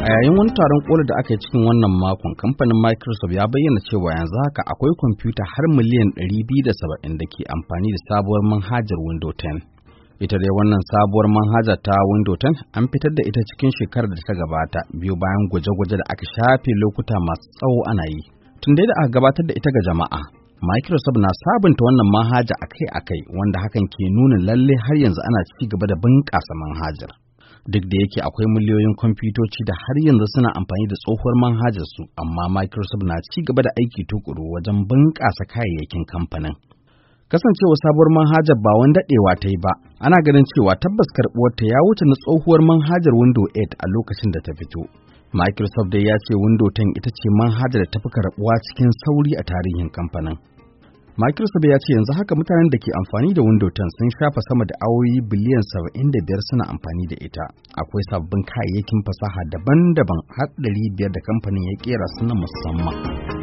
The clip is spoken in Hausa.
A yayin wani taron kola da aka yi cikin wannan makon, kamfanin Microsoft ya bayyana cewa yanzu haka akwai kwamfuta har miliyan 270 da ke amfani da sabuwar manhajar Windows 10. Ita dai wannan sabuwar manhaja ta Windows 10 an fitar da ita cikin shekarar da ta gabata biyu bayan gwaje-gwaje da aka shafe lokuta masu tsawo ana yi. Tun dai da aka gabatar da ita ga jama'a, Microsoft na sabunta wannan manhaja akai-akai wanda hakan ke nuna lalle har yanzu ana ci gaba da bunƙasa manhajar. duk da yake akwai miliyoyin kwamfutoci da har yanzu suna amfani da tsohuwar manhajarsu amma Microsoft na ci gaba da aiki tukuru wajen bunƙasa kayayyakin kamfanin. Kasancewa sabuwar manhajar ba wani daɗewa ta yi ba, ana ganin cewa tabbas karɓuwarta ya wuce na tsohuwar manhajar Windows 8 a lokacin da ta fito. Microsoft dai ya ce Windows 10 ita ce manhajar da ta fi karɓuwa cikin sauri a tarihin kamfanin. Microsoft ya ce yanzu haka mutanen da ke amfani da Windows 10 sun shafa sama da awoyi biliyan 75 suna amfani da ita. Akwai sabbin kayayyakin fasaha daban-daban har 500 da kamfanin ya kera suna musamman.